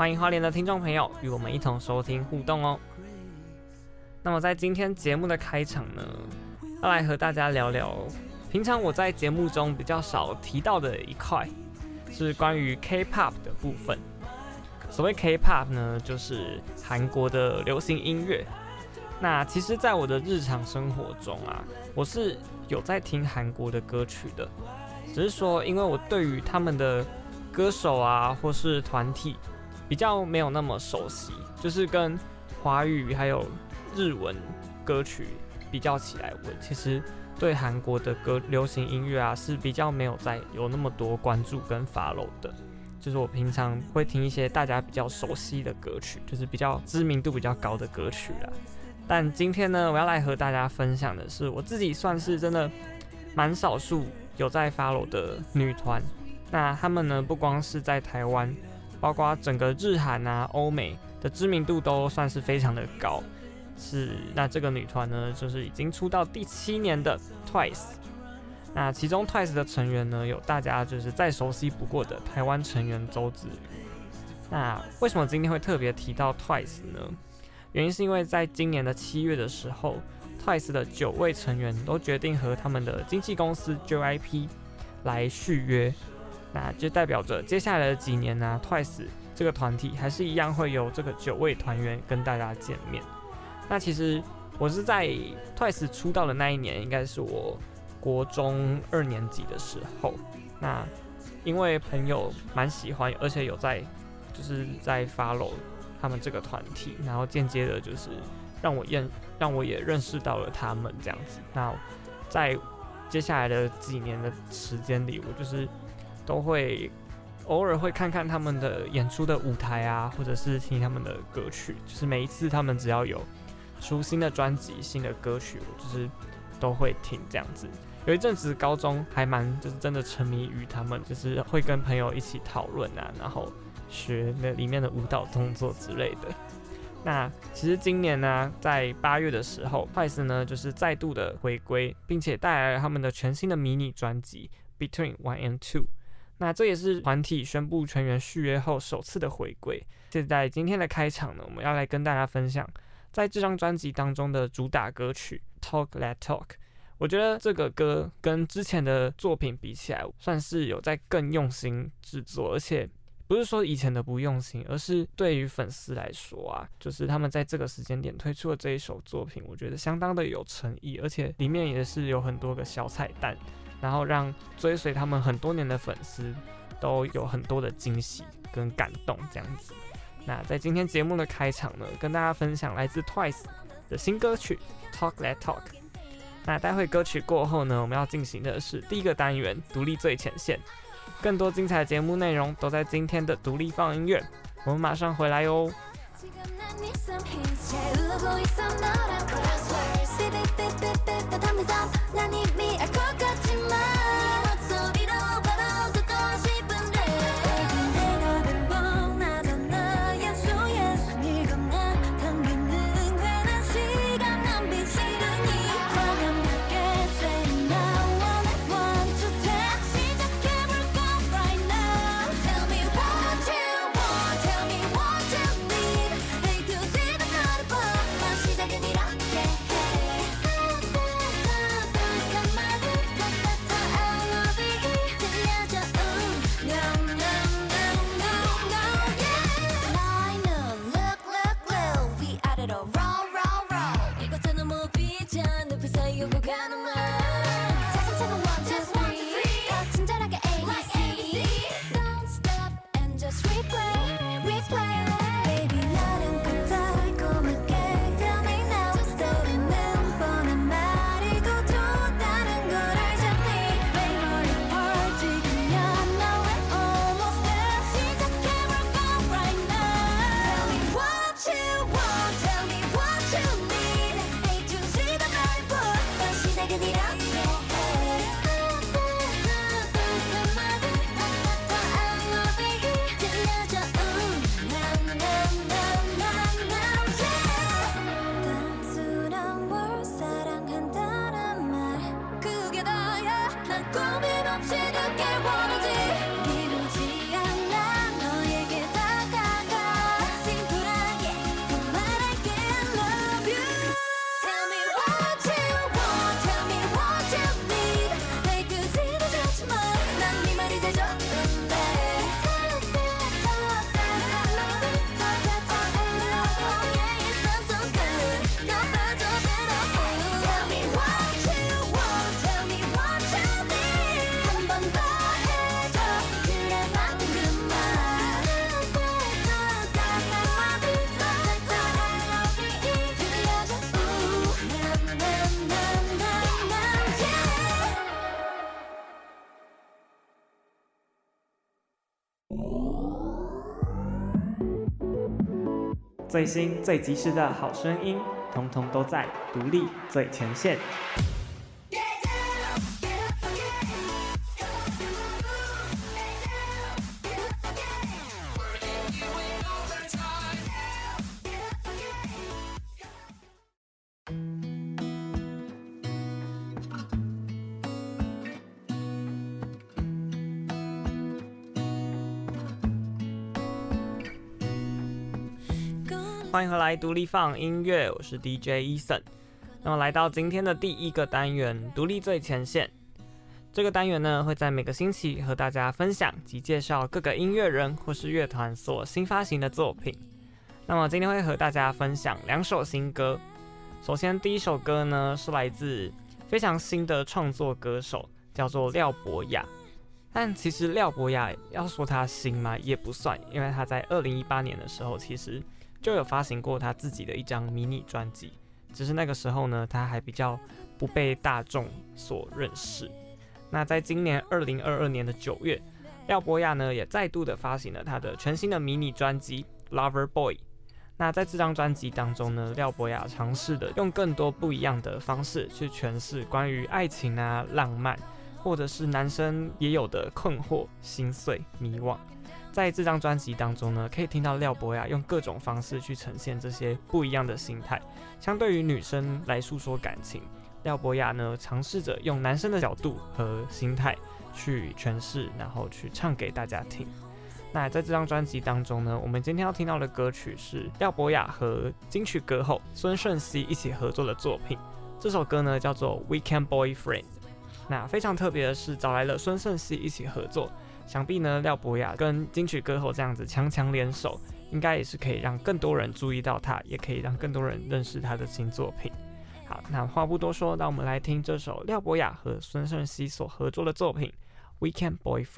歡迎花蓮的聽眾朋友與我們一同收聽互動哦。那麼在今天節目的開場呢，要來和大家聊聊平常我在節目中比較少提到的一塊，是關於 K-POP 的部分。所謂 K-POP 呢，就是韓國的流行音樂。那其實，在我的日常生活中啊，我是有在聽韓國的歌曲的，只是說因為我對於他們的歌手啊，或是團體。比較沒有那麼熟悉，就是跟華語還有日文歌曲比較起來，我其實對韓國的歌、流行音樂啊是比較沒有在有那麼多關注跟 follow 的。就是我平常會聽一些大家比較熟悉的歌曲，就是比較知名度比較高的歌曲啦。但今天呢，我要來和大家分享的是，我自己算是真的蠻少數有在 follow 的女團。那她們呢，不光是在台灣。包括整個日韓啊、歐美的知名度都算是非常的高是，是那這個女團呢，就是已經出道第七年的 Twice，那其中 Twice 的成員呢，有大家就是再熟悉不過的台灣成員周子瑜。那為什麼今天會特別提到 Twice 呢？原因是因為在今年的七月的時候，Twice 的九位成員都決定和他們的經紀公司 JYP 來續約。那就代表着接下來的幾年呢，啊，TWICE 這個團體還是一樣會有這個九位團員跟大家見面。那其實我是在 TWICE 出道的那一年，應該是我國中二年級的時候。那因為朋友蠻喜歡，而且有在就是在 follow 他們這個團體，然後間接的就是讓我認讓我也認識到了他們這樣子。那在接下來的幾年的時間裡，我就是。都會偶爾會看看他們的演出的舞台啊，或者是聽他們的歌曲。就是每一次他們只要有出新的專輯、新的歌曲，我就是都會聽這樣子。有一陣子高中還蠻就是真的沉迷於他們，就是會跟朋友一起討論啊，然後學那裡面的舞蹈動作之類的。那其實今年呢、啊，在八月的時候，TWICE 呢就是再度的回歸，並且帶來了他們的全新的迷你專輯《Between One and Two》。那這也是團體宣布全員續約後首次的回歸。現在今天的開場呢，我們要來跟大家分享，在這張專輯當中的主打歌曲《Talk that Talk》。我覺得這個歌跟之前的作品比起來，算是有在更用心製作，而且不是說以前的不用心，而是對於粉絲來說啊，就是他們在這個時間點推出的這一首作品，我覺得相當的有誠意，而且裡面也是有很多個小彩蛋。然後讓追隨他們很多年的粉絲都有很多的驚喜跟感動，這樣子。那在今天節目的開場呢，跟大家分享來自 Twice 的新歌曲《Talk Let Talk》。那待會歌曲過後呢，我們要進行的是第一個單元——獨立最前線。更多精彩節目內容都在今天的獨立 FUN 音樂。我們馬上回來哦。最新最及時的好聲音，通通都在獨立最前線。來獨立放音樂，我是 DJ Eason。那麼來到今天的第一個單元——獨立最前線。這個單元呢，會在每個星期和大家分享及介紹各個音樂人或是樂團所新發行的作品。那麼今天會和大家分享兩首新歌。首先，第一首歌呢是來自非常新的創作歌手，叫做廖博雅。但其實廖博雅要說他新嗎？也不算，因為他在二零一八年的時候其實。就有發行過他自己的一張迷你專輯，只是那個時候呢，他還比較不被大眾所認識。那在今年二零二二年的九月，廖博雅呢也再度的發行了他的全新的迷你專輯《Lover Boy》。那在這張專輯當中呢，廖博雅嘗試的用更多不一樣的方式去詮釋關於愛情啊、浪漫，或者是男生也有的困惑、心碎、迷惘。在這張專輯當中呢，可以聽到廖博雅用各種方式去呈現這些不一樣的心態。相對於女生來訴說感情，廖博雅呢嘗試着用男生的角度和心態去詮釋，然後去唱給大家聽。那在這張專輯當中呢，我們今天要聽到的歌曲是廖博雅和金曲歌后孫盛希一起合作的作品。這首歌呢叫做《Weekend Boyfriend》。那非常特別的是找來了孫盛希一起合作。想必呢，廖博雅跟金曲歌后這樣子強強聯手，應該也是可以讓更多人注意到他，也可以讓更多人認識他的新作品。好，那話不多說，讓我們來聽這首廖博雅和孫盛希所合作的作品《Weekend Boyfriend》。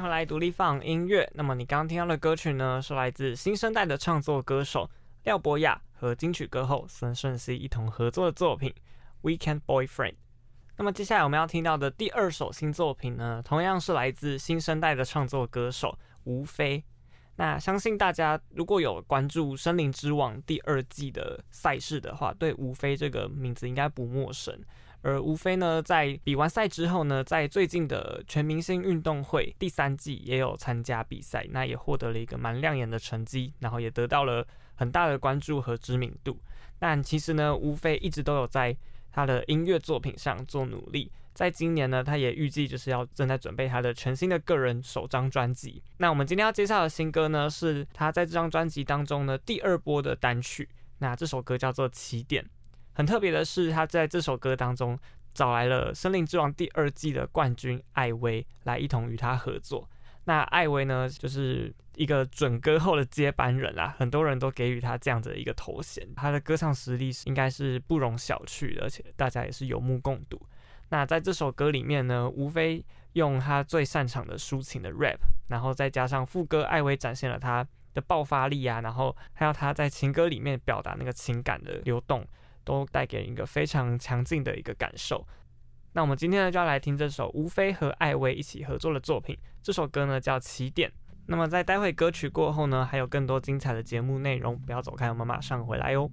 回來獨立 FUN 音樂。那麼你剛剛聽到的歌曲呢，是來自新生代的創作歌手廖博雅和金曲歌后孫盛希一同合作的作品《Weekend Boyfriend》。那麼接下來我們要聽到的第二首新作品呢，同樣是來自新生代的創作歌手吳霏。那相信大家如果有關注《聲林之王》第二季的賽事的話，對吳霏這個名字應該不陌生。而吳飛呢，在比完賽之後呢，在最近的全明星運動會第三季也有參加比賽，那也獲得了一個蠻亮眼的成績，然後也得到了很大的關注和知名度。但其實呢，吳飛一直都有在他的音樂作品上做努力，在今年呢，他也預計就是要正在準備他的全新的個人首張專輯。那我們今天要介紹的新歌呢，是他在這張專輯當中呢第二波的單曲，那這首歌叫做《起點》。很特別的是，他在這首歌當中找來了《聲林之王》第二季的冠軍艾薇來一同與他合作。那艾薇呢，就是一個準歌后的接班人啦、啊，很多人都給予他這樣子的一個頭銜。他的歌唱實力應該是不容小覷的，而且大家也是有目共睹。那在這首歌裡面呢，無非用他最擅長的抒情的 rap，然後再加上副歌，艾薇展現了他的爆發力啊，然後還有他在情歌裡面表達那個情感的流動。都帶給人一個非常強勁的一個感受。那我們今天呢，就要來聽這首無非和艾薇一起合作的作品。這首歌呢叫《起點》。那麼在待會歌曲過後呢，還有更多精彩的節目內容，不要走開，我們馬上回來喲、哦。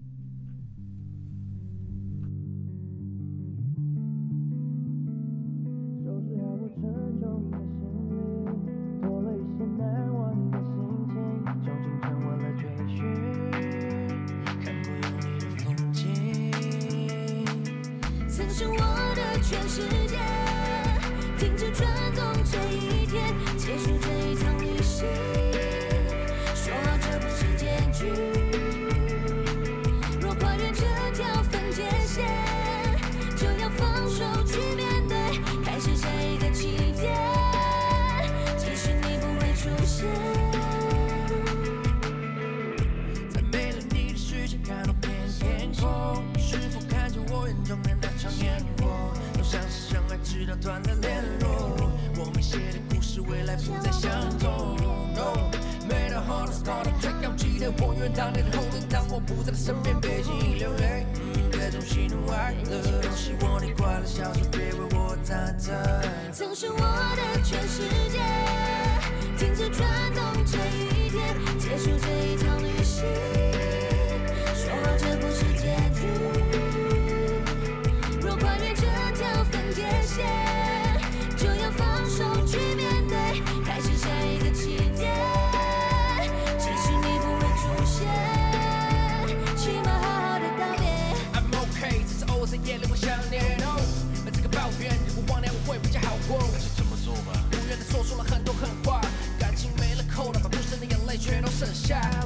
直到斷了聯絡，我們寫的故事未來不再相同。No，made a heart scarred 要記得我永遠當你的後盾，當我不在身邊別輕易流淚。各種喜怒哀樂，都希望你快樂別為我擔心。曾是我的全世界，停止轉動這一天，結束這一場旅行。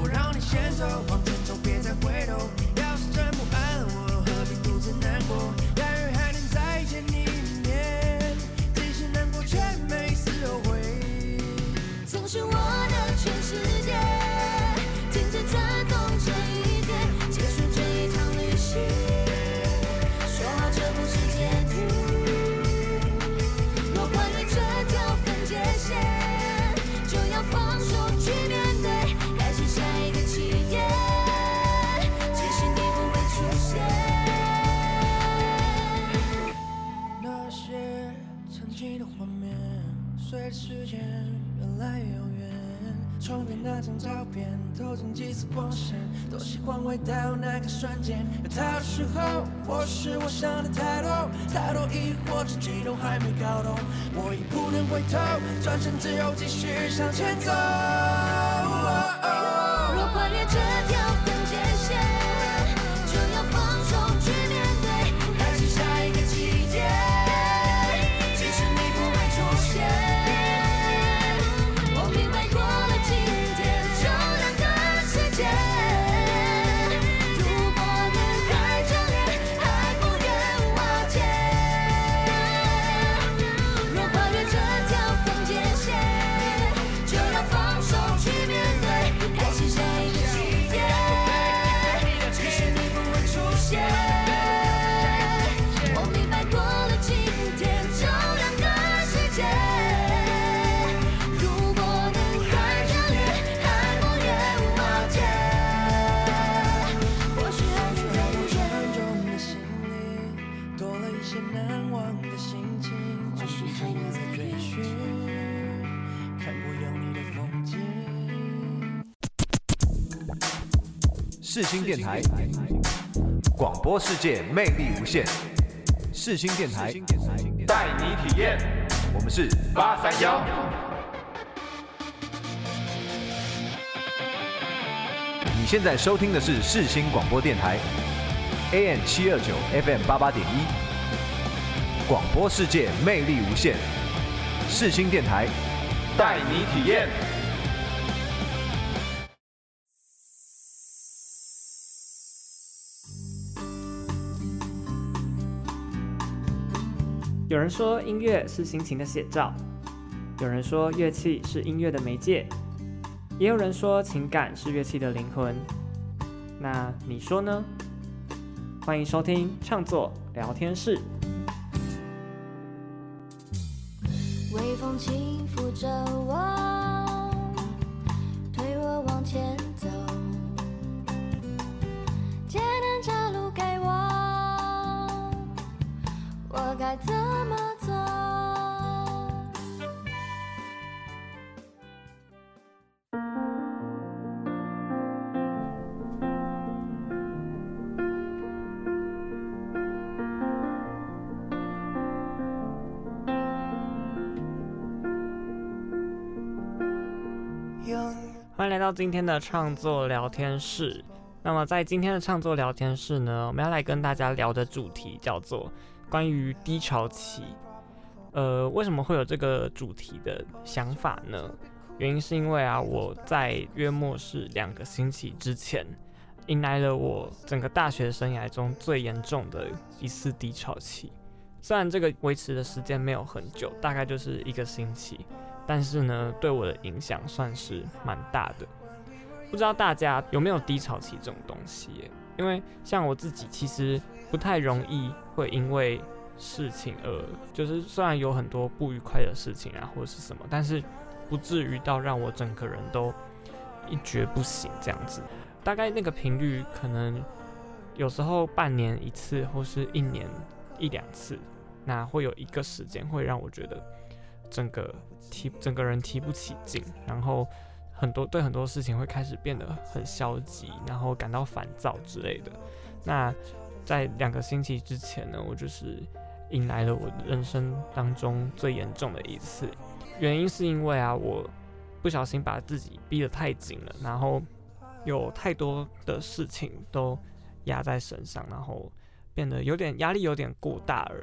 我讓你先走。那張照片透進幾絲光線，多希望回到那個瞬間。有太多時候，我是我想的太多，太多疑惑，自己都還沒搞懂。我已不能回頭，轉身之後繼續向前走。世新電台，廣播世界魅力無限。世新電台，帶你體驗。我們是八三幺。你現在收聽的是世新廣播電台，AM 七二九 FM 八八點一。廣播世界魅力無限，世新電台帶你體驗。有人說音樂是心情的寫照，有人說樂器是音樂的媒介，也有人說情感是樂器的靈魂。那你說呢？歡迎收聽唱作聊天室。微風輕撫着我，推我往前走，艱難着路給我，我該走。今天的創作聊天室，那麼在今天的創作聊天室呢，我們要來跟大家聊的主題叫做關於低潮期。呃，為什麼會有這個主題的想法呢？原因是因為啊，我在約莫是兩個星期之前，迎來了我整個大學生涯中最嚴重的一次低潮期。雖然這個維持的時間沒有很久，大概就是一個星期，但是呢，對我的影響算是蠻大的。不知道大家有沒有低潮期這種東西？因為像我自己，其實不太容易會因為事情而，就是雖然有很多不愉快的事情啊，或者是什麼，但是不至於到讓我整個人都一蹶不振這樣子。大概那個頻率可能有時候半年一次，或是一年一兩次，那會有一個時間會讓我覺得整個提整個人提不起勁，然後，很多對很多事情會開始變得很消極，然後感到煩躁之類的。那在兩個星期之前呢，我就是迎來了我人生當中最嚴重的一次。原因是因為啊，我不小心把自己逼得太緊了，然後有太多的事情都壓在身上，然後變得有點壓力有點過大了，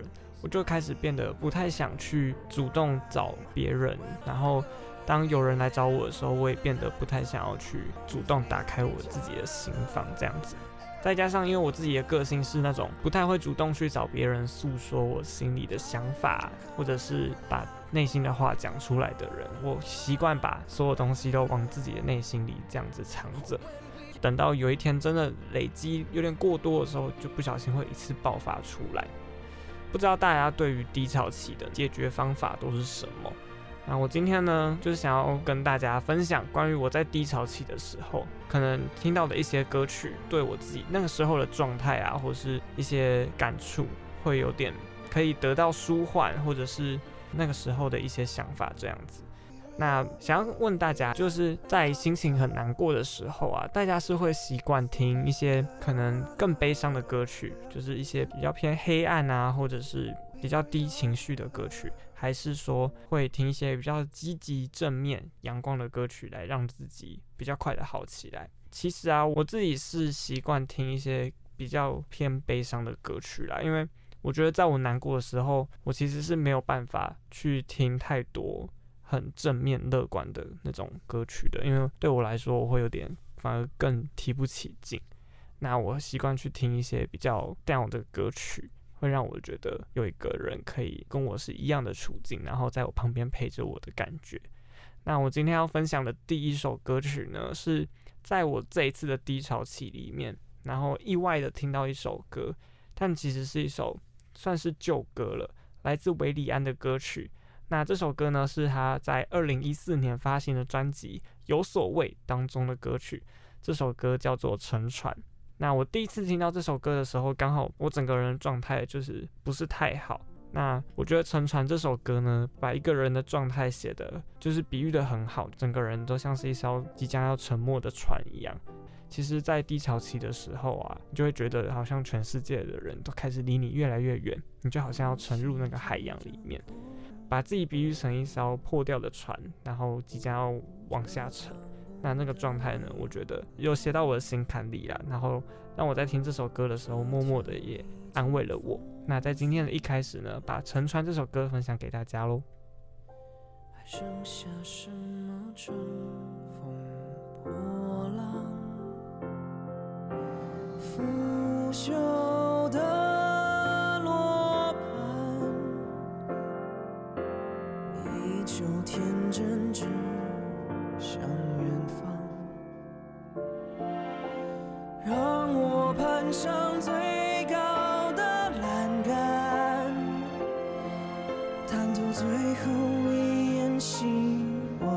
我就開始變得不太想去主動找別人，然後。當有人來找我的時候，我也變得不太想要去主動打開我自己的心房，這樣子。再加上因為我自己的個性是那種不太會主動去找別人訴說我心裡的想法，或者是把內心的話講出來的人，我習慣把所有東西都往自己的內心裡這樣子藏着，等到有一天真的累積有點過多的時候，就不小心會一次爆發出來。不知道大家對於低潮期的解決方法都是什麼？那我今天呢，就是想要跟大家分享關於我在低潮期的時候，可能聽到的一些歌曲，對我自己那個時候的狀態啊，或者是一些感觸，會有點可以得到舒緩，或者是那個時候的一些想法這樣子。那想要問大家，就是在心情很難過的時候啊，大家是會習慣聽一些可能更悲傷的歌曲，就是一些比較偏黑暗啊，或者是比較低情緒的歌曲。還是說會聽一些比較積極、正面、陽光的歌曲來讓自己比較快的好起來。其實啊，我自己是習慣聽一些比較偏悲傷的歌曲啦，因為我覺得在我難過的時候，我其實是沒有辦法去聽太多很正面、樂觀的那種歌曲的，因為對我來說，我會有點反而更提不起勁。那我習慣去聽一些比較 down 的歌曲。會讓我覺得有一個人可以跟我是一樣的處境，然後在我旁邊陪着我的感覺。那我今天要分享的第一首歌曲呢，是在我這一次的低潮期裡面，然後意外地聽到一首歌，但其實是一首算是舊歌了，來自韋禮安的歌曲。那這首歌呢，是他在二零一四年發行的專輯《有所謂》當中的歌曲。這首歌叫做《沉船》。那我第一次聽到這首歌的時候，剛好我整個人的狀態就是不是太好。那我覺得《沉船》這首歌呢，把一個人的狀態寫得就是比喻得很好，整個人都像是一艘即將要沉沒的船一樣。其實，在低潮期的時候啊，你就會覺得好像全世界的人都開始離你越來越遠，你就好像要沉入那個海洋裡面，把自己比喻成一艘破掉的船，然後即將要往下沉。那那個狀態呢，我覺得又寫到我的心坎裡啊，然後讓我在聽這首歌的時候，默默的也安慰了我。那在今天的一開始呢，把《沉船》這首歌分享給大家嘍。還剩下什麼乘風破浪腐朽的羅盤依舊天真攀上最高的欄杆，彈奏最後一眼希望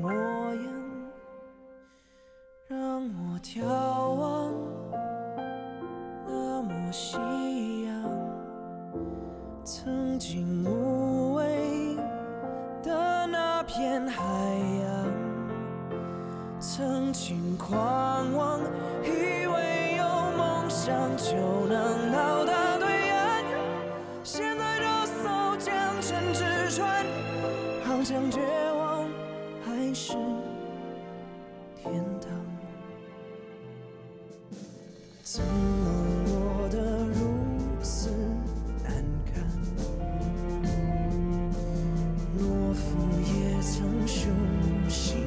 模樣，讓我眺望那抹夕陽，曾經無畏的那片海洋，曾經狂妄。曾熟悉。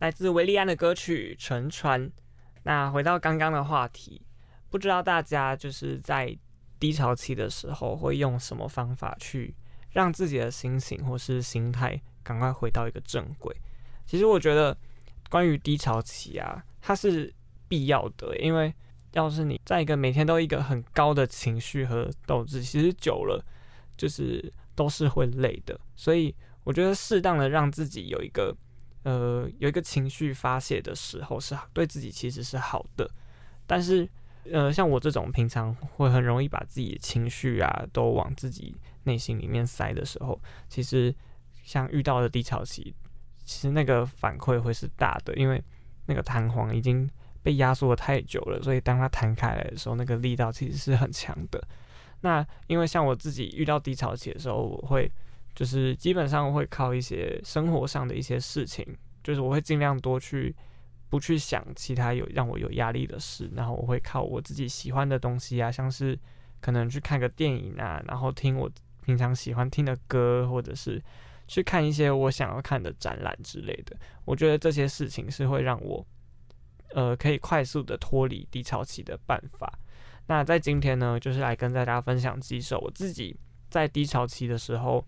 來自維利安的歌曲《沉船》。那回到剛剛的話題，不知道大家就是在低潮期的時候會用什麼方法去讓自己的心情或是心態趕快回到一個正軌？其實我覺得，關於低潮期啊，它是必要的，因為要是你在一個每天都一個很高的情緒和鬥志，其實久了就是都是會累的。所以我覺得，適當的讓自己有一個。呃，有一個情緒發洩的時候是對自己其實是好的，但是，呃，像我這種平常會很容易把自己的情緒啊都往自己內心裡面塞的時候，其實像遇到的低潮期，其實那個反饋會是大的，因為那個彈簧已經被壓縮得太久了，所以當它彈開來的時候，那個力道其實是很強的。那因為像我自己遇到低潮期的時候，我會。就是基本上我會靠一些生活上的一些事情，就是我會盡量多去，不去想其他有讓我有壓力的事，然後我會靠我自己喜歡的東西啊，像是可能去看個電影啊，然後聽我平常喜歡聽的歌，或者是去看一些我想要看的展覽之類的。我覺得這些事情是會讓我，呃，可以快速的脫離低潮期的辦法。那在今天呢，就是來跟大家分享幾首我自己在低潮期的時候，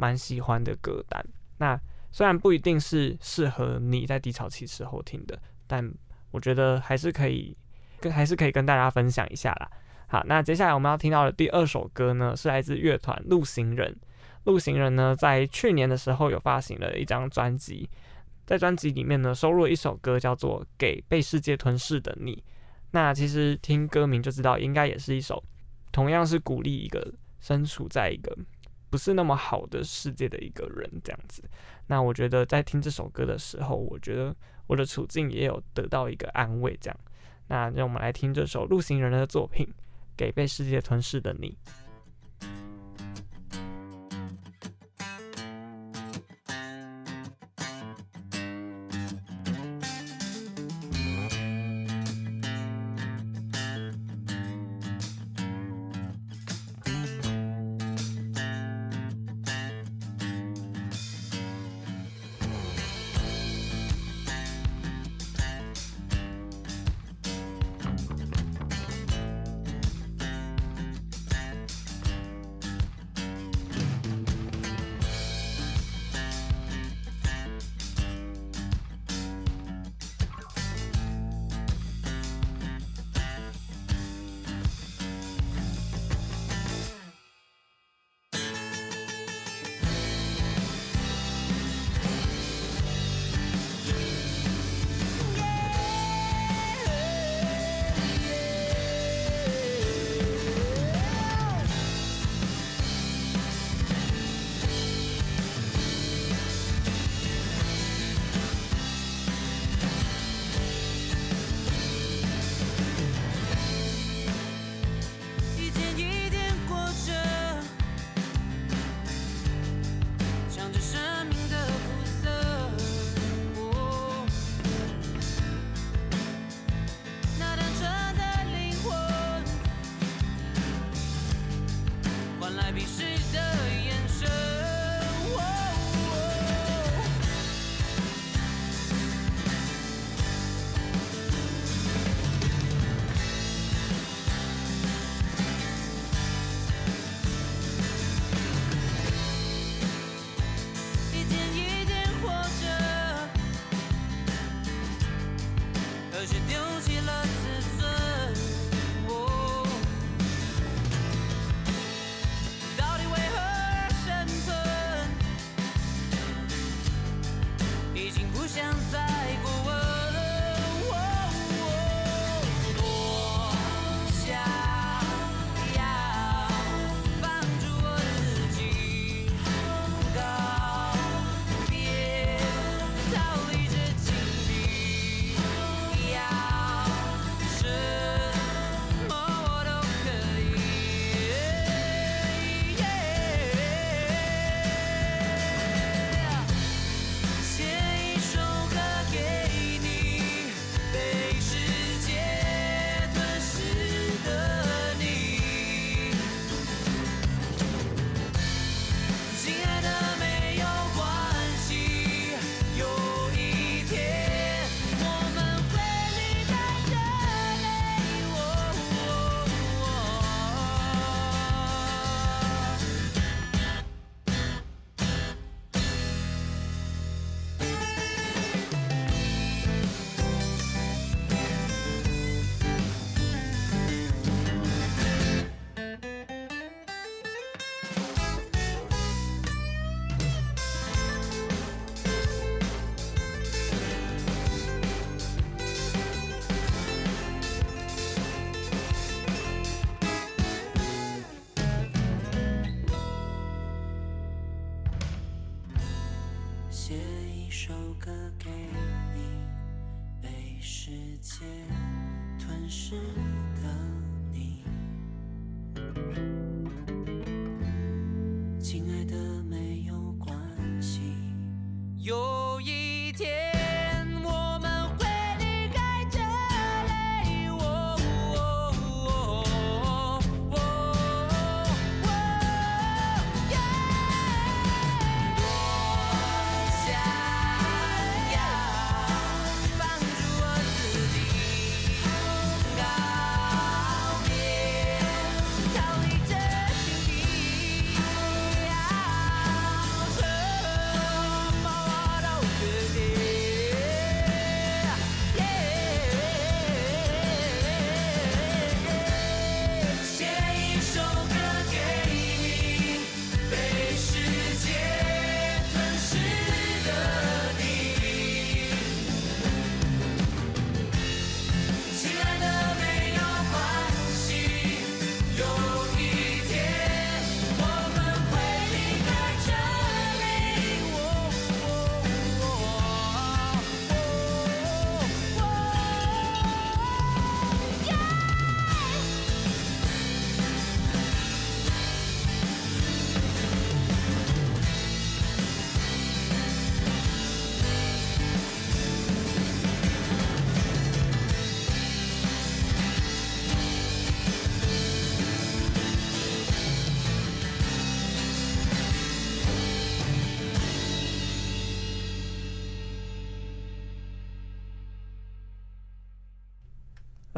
蠻喜歡的歌單，那雖然不一定是適合你在低潮期時候聽的，但我覺得還是可以，跟還是可以跟大家分享一下啦。好，那接下來我們要聽到的第二首歌呢，是來自樂團陸行人。陸行人呢，在去年的時候有發行了一張專輯，在專輯裡面呢收錄了一首歌，叫做《給被世界吞噬的你》。那其實聽歌名就知道，應該也是一首同樣是鼓勵一個身處在一個。不是那麼好的世界的一個人這樣子，那我覺得在聽這首歌的時候，我覺得我的處境也有得到一個安慰這樣。那讓我們來聽這首路行人的作品《給被世界吞噬的你》。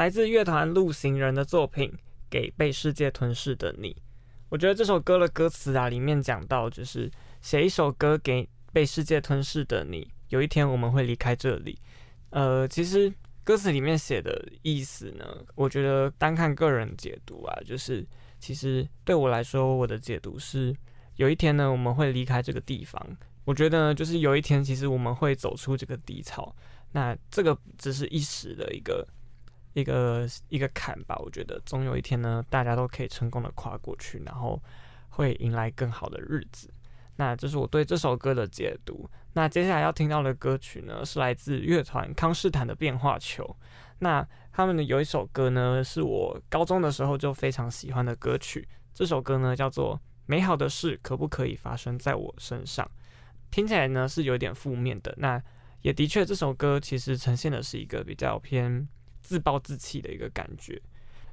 來自樂團路行人的作品《給被世界吞噬的你》，我覺得這首歌的歌詞啊，裡面講到就是寫一首歌給被世界吞噬的你。有一天我們會離開這裡。呃，其實歌詞裡面寫的意思呢，我覺得單看個人解讀啊，就是其實對我來說，我的解讀是有一天呢，我們會離開這個地方。我覺得就是有一天，其實我們會走出這個低潮。那這個只是一時的一個。一個一個坎吧，我覺得總有一天呢，大家都可以成功的跨過去，然後會迎來更好的日子。那這是我對這首歌的解讀。那接下來要聽到的歌曲呢，是來自樂團康士坦的變化球。那他們的有一首歌呢，是我高中的時候就非常喜歡的歌曲。這首歌呢，叫做《美好的事可不可以發生在我身上》。聽起來呢，是有點負面的。那也的確，這首歌其實呈現的是一個比較偏。自暴自棄的一個感覺。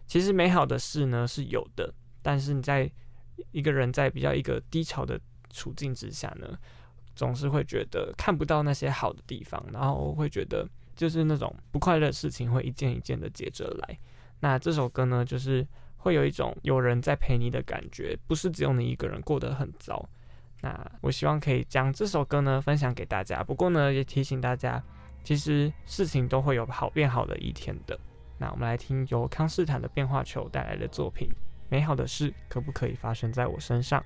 其實美好的事呢，是有的，但是你在一個人在比較一個低潮的處境之下呢，總是會覺得看不到那些好的地方，然後會覺得就是那種不快樂的事情會一件一件的接着來。那這首歌呢，就是會有一種有人在陪你的感覺，不是只有你一個人過得很糟。那我希望可以將這首歌呢，分享給大家，不過呢，也提醒大家。其實事情都會有好變好的一天的。那我們來聽由康斯坦的變化球帶來的作品《美好的事可不可以發生在我身上》。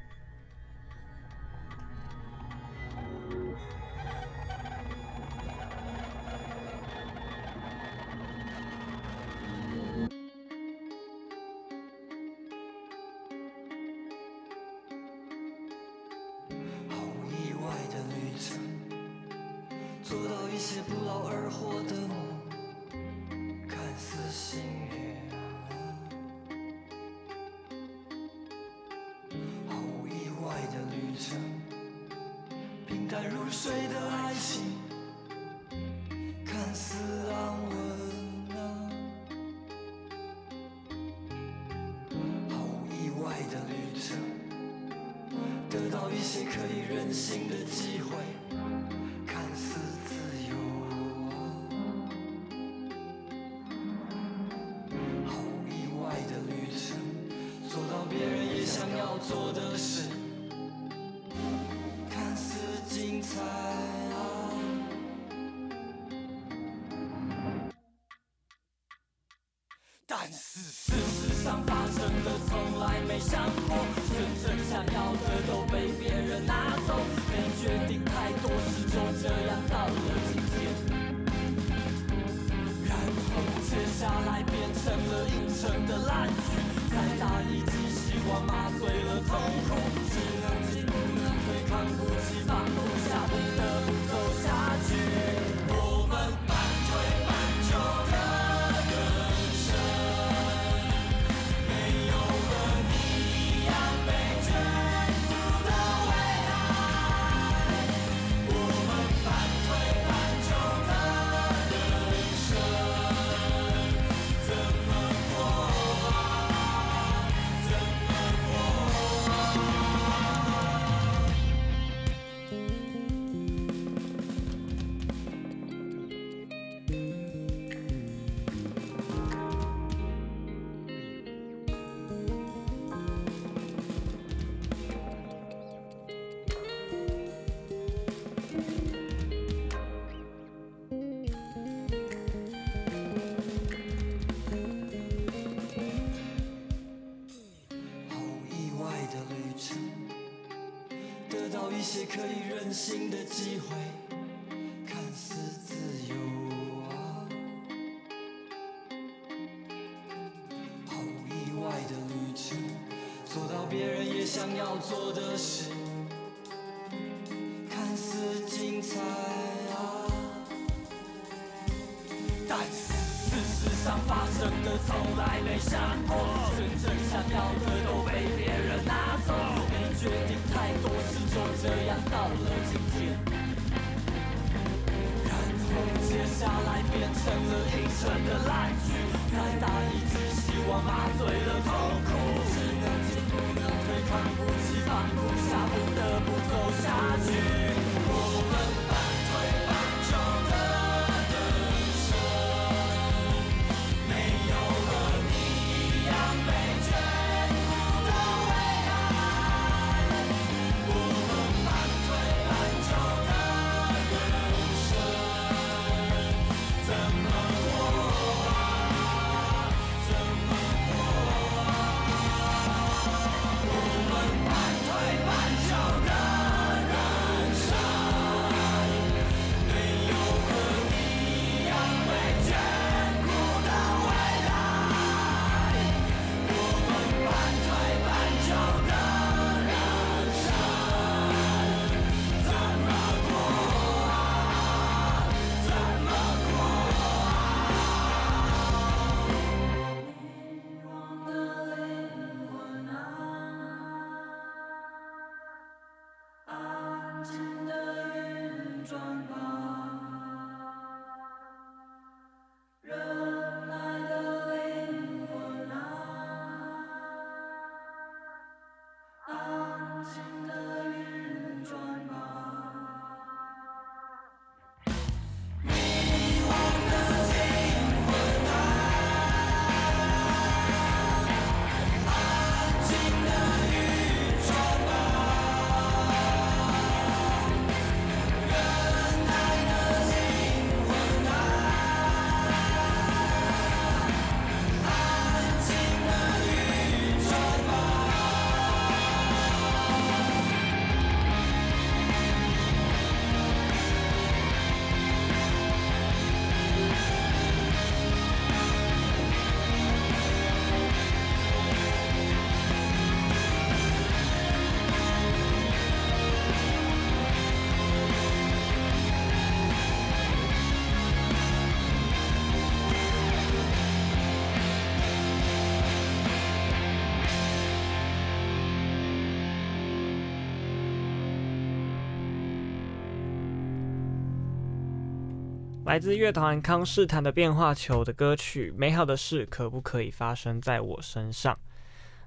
來自樂團康士坦的變化球的歌曲《美好的事可不可以發生在我身上》。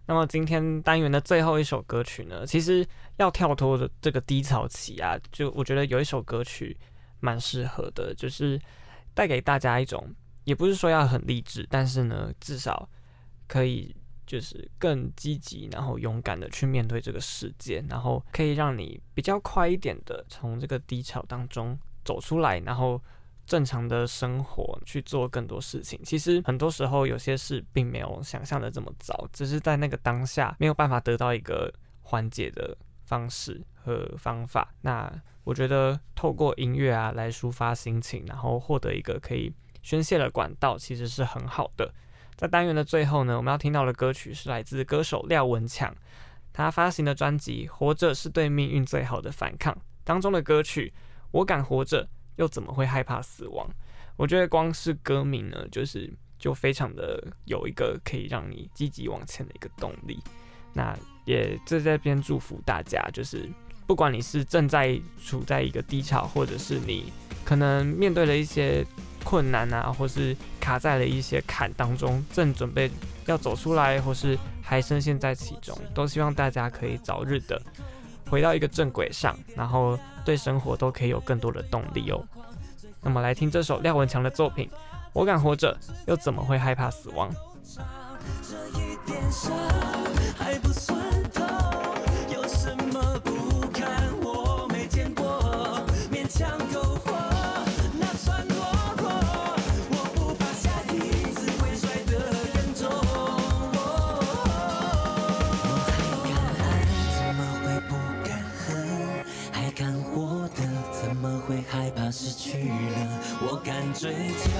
那麼今天單元的最後一首歌曲呢，其實要跳脫的這個低潮期啊，就我覺得有一首歌曲蠻適合的，就是帶給大家一種，也不是說要很勵志，但是呢，至少可以就是更積極，然後勇敢的去面對這個世界，然後可以讓你比較快一點的從這個低潮當中走出來，然後。正常的生活去做更多事情，其實很多時候有些事並沒有想象的這麼糟，只是在那個當下沒有辦法得到一個緩解的方式和方法。那我覺得透過音樂啊來抒發心情，然後獲得一個可以宣洩的管道，其實是很好的。在單元的最後呢，我們要聽到的歌曲是來自歌手廖文強，他發行的專輯《活着是對命運最好的反抗》當中的歌曲《我敢活着》。又怎麼會害怕死亡？我覺得光是歌名呢，就是就非常的有一個可以讓你積極往前的一個動力。那也在這邊祝福大家，就是不管你是正在處在一個低潮，或者是你可能面對了一些困難啊，或是卡在了一些坎當中，正準備要走出來，或是還深陷在其中，都希望大家可以早日的。回到一個正軌上，然後對生活都可以有更多的動力哦。那麼來聽這首廖文強的作品《我敢活着》，又怎麼會害怕死亡？這一點傷，還不算痛，有什麼不堪？我沒見過，勉強最近。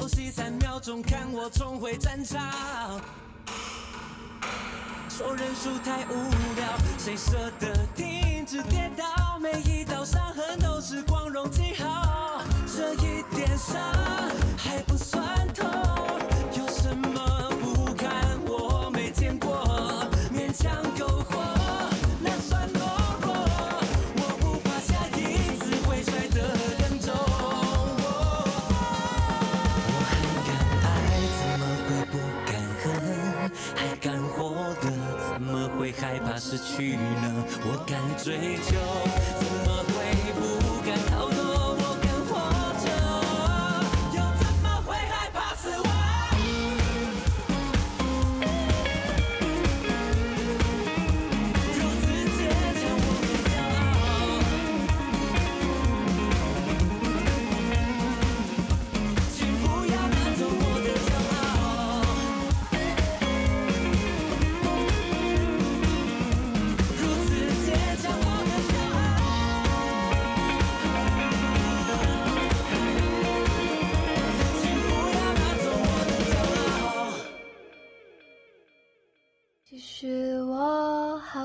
休息三秒鐘，看我重回戰場。說認輸太無聊，誰舍得停止跌倒？每一道傷痕都是光榮記號，這一點傷還不算痛。去呢，我敢追求。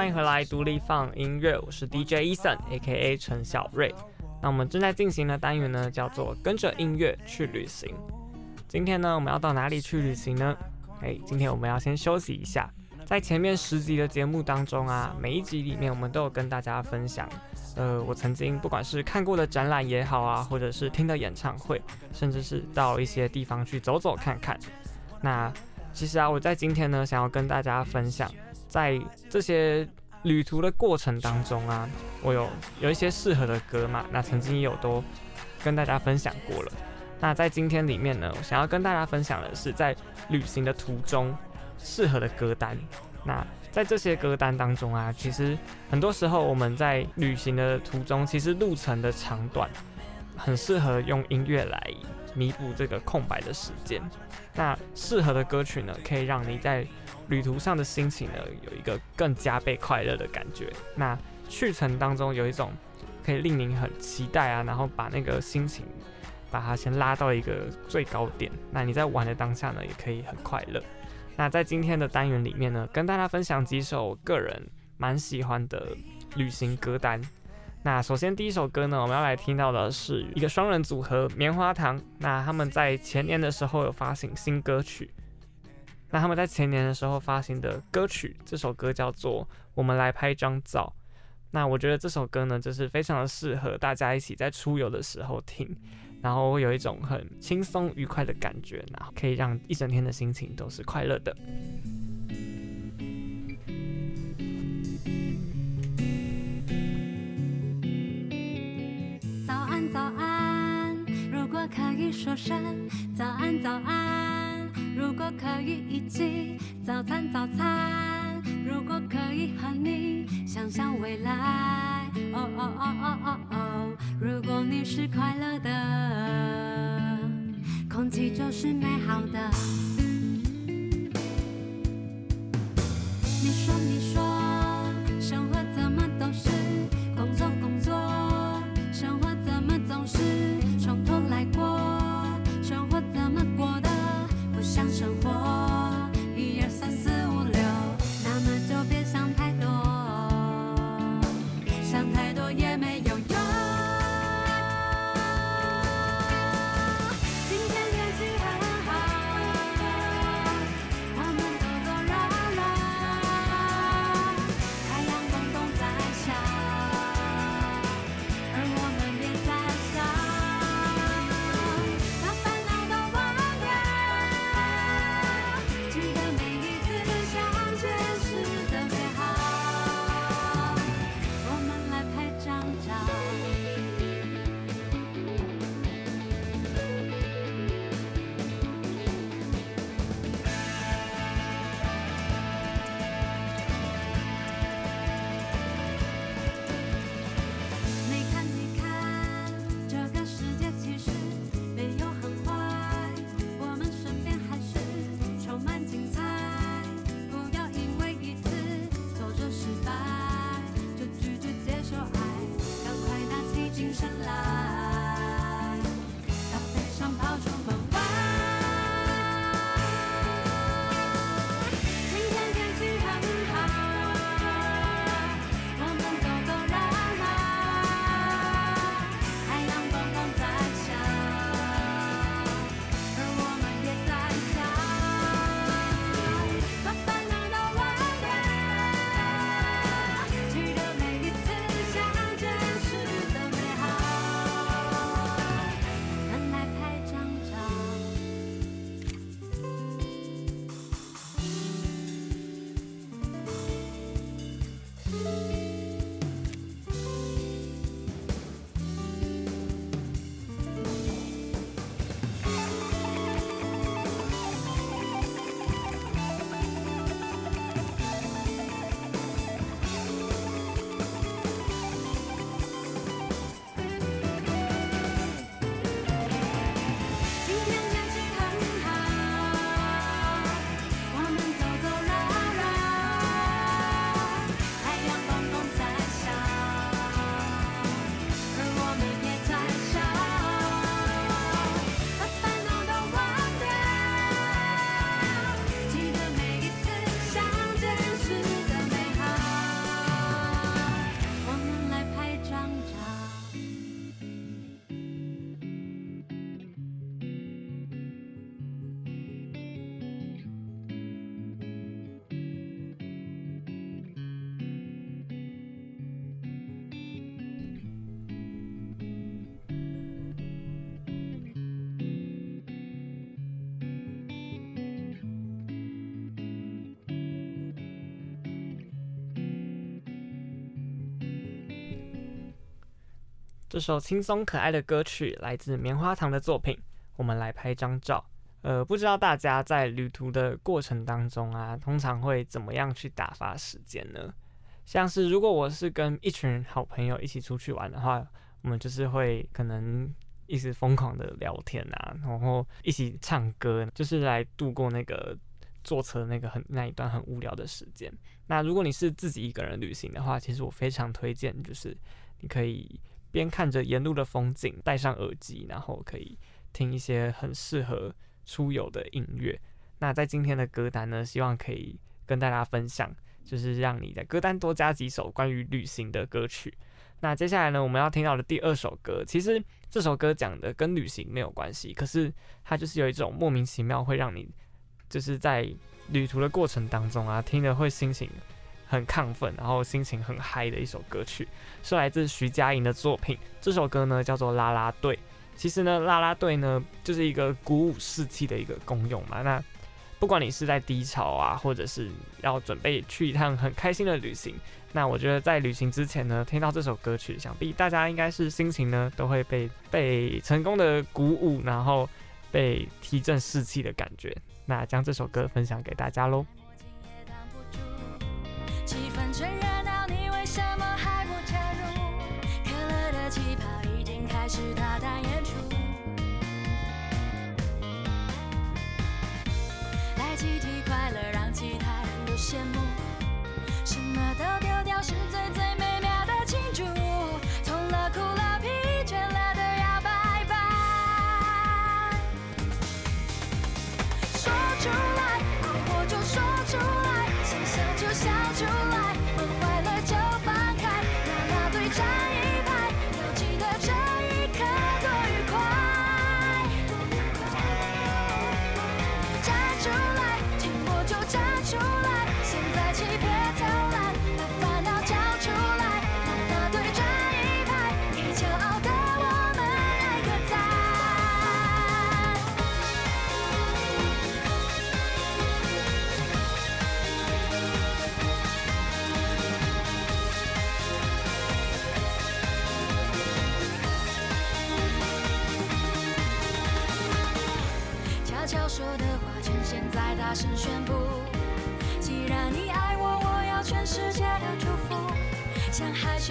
歡迎回來，獨立 FUN 音樂，我是 DJ Ethan，A.K.A. 陳小瑞。那我們正在進行的單元呢，叫做“跟着音樂去旅行”。今天呢，我們要到哪裡去旅行呢？誒，今天我們要先休息一下。在前面十集的節目當中啊，每一集裡面我們都有跟大家分享，呃，我曾經不管是看過的展覽也好啊，或者是聽的演唱會，甚至是到一些地方去走走看看。那其實啊，我在今天呢，想要跟大家分享。在這些旅途的過程當中啊，我有有一些適合的歌嘛，那曾經也有都跟大家分享過了。那在今天裡面呢，我想要跟大家分享的是在旅行的途中適合的歌單。那在這些歌單當中啊，其實很多時候我們在旅行的途中，其實路程的長短，很適合用音樂來彌補這個空白的時間。那適合的歌曲呢，可以讓你在旅途上的心情呢，有一個更加倍快樂的感覺。那去程當中有一種可以令您很期待啊，然後把那個心情把它先拉到一個最高點。那你在玩的當下呢，也可以很快樂。那在今天的單元裡面呢，跟大家分享幾首個人蠻喜歡的旅行歌單。那首先第一首歌呢，我們要來聽到的是一個雙人組合棉花糖。那他們在前年的時候有發行新歌曲。那他們在前年的時候發行的歌曲，這首歌叫做《我們來拍一張照》。那我覺得這首歌呢，就是非常的適合大家一起在出遊的時候聽，然後會有一種很輕鬆愉快的感覺，然後可以讓一整天的心情都是快樂的。早安，早安，如果可以說聲早，早安，早安。如果可以一起早餐早餐，如果可以和你想想未來，哦哦哦哦哦哦，如果你是快樂的，空氣就是美好的。嗯，你說你說。你說這首輕鬆可愛的歌曲來自棉花糖的作品。我們來拍張照。呃，不知道大家在旅途的過程當中啊，通常會怎麼樣去打發時間呢？像是如果我是跟一群好朋友一起出去玩的話，我們就是會可能一直瘋狂的聊天啊，然後一起唱歌，就是來度過那個坐車那個很那一段很無聊的時間。那如果你是自己一個人旅行的話，其實我非常推薦，就是你可以。邊看着沿路的風景，戴上耳機，然後可以聽一些很適合出遊的音樂。那在今天的歌單呢，希望可以跟大家分享，就是讓你的歌單多加幾首關於旅行的歌曲。那接下來呢，我們要聽到的第二首歌，其實這首歌講的跟旅行沒有關係，可是它就是有一種莫名其妙，會讓你就是在旅途的過程當中啊，聽了會心情。很亢奮，然後心情很嗨的一首歌曲，是來自徐佳瑩的作品。這首歌呢叫做《啦啦隊》。其實呢，啦啦隊呢就是一個鼓舞士氣的一個功用嘛。那不管你是在低潮啊，或者是要準備去一趟很開心的旅行，那我覺得在旅行之前呢，聽到這首歌曲，想必大家應該是心情呢都會被被成功的鼓舞，然後被提振士氣的感覺。那將這首歌分享給大家嘍。全熱鬧，你為什麼還不加入？可樂的氣泡已經開始大膽演出，來，集體。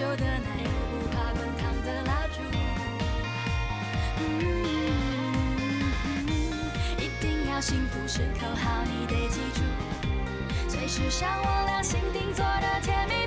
的奶油，不怕滾燙的蠟燭，一定要幸福是口號，你得記住。最時尚，我量身定做的甜蜜。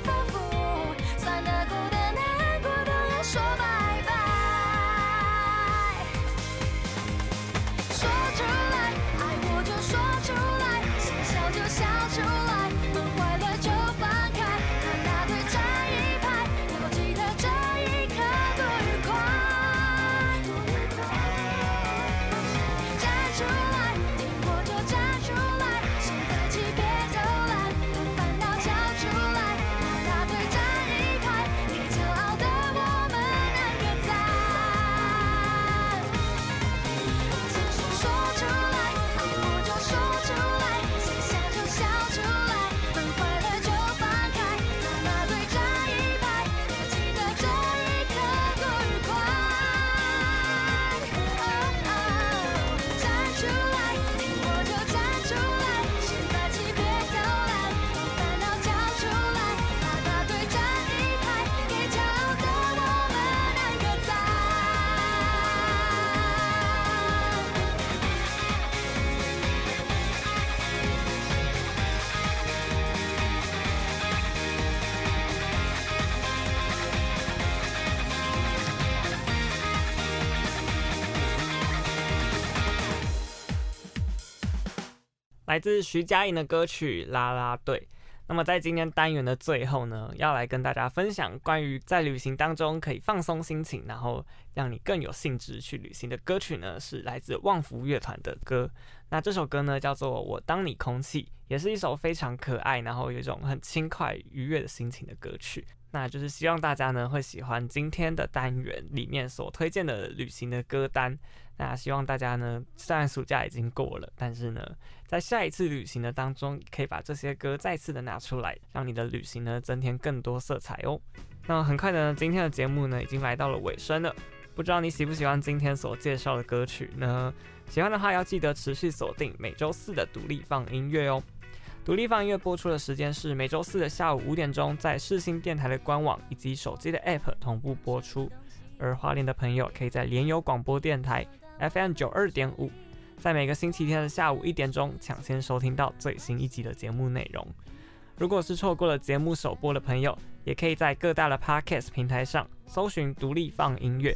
來自徐佳瑩的歌曲《啦啦隊》。那麼，在今天單元的最後呢，要來跟大家分享關於在旅行當中可以放鬆心情，然後讓你更有興致去旅行的歌曲呢，是來自旺福樂團的歌。那這首歌呢，叫做《我當你空氣》，也是一首非常可愛，然後有一種很輕快、愉悅的心情的歌曲。那就是希望大家呢會喜歡今天的單元裡面所推薦的旅行的歌單。那希望大家呢，雖然暑假已經過了，但是呢，在下一次旅行的當中，可以把這些歌再次的拿出來，讓你的旅行呢增添更多色彩哦。那很快呢，今天的節目呢已經來到了尾聲了，不知道你喜不喜歡今天所介紹的歌曲呢？喜歡的話要記得持續鎖定每週四的獨立 FUN 音樂哦。獨立放音樂播出的時間是每周四的下午五點鐘，在世新電臺的官網以及手機的 App 同步播出。而花蓮的朋友可以在蓮友廣播電臺 FM 九二點五，在每個星期天的下午一點鐘搶先收聽到最新一集的節目內容。如果是錯過了節目首播的朋友，也可以在各大的 Podcast 平台上搜尋“獨立放音樂”，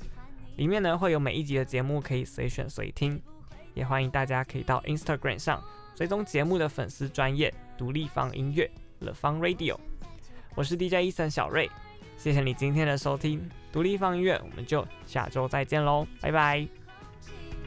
裡面呢會有每一集的節目可以隨選隨聽。也歡迎大家可以到 Instagram 上。追蹤節目的粉絲專頁，獨立 FUN 音樂，The Fun Radio，我是 DJ 伊森小瑞，謝謝你今天的收聽，獨立 FUN 音樂，我們就下周再見嘍，拜拜。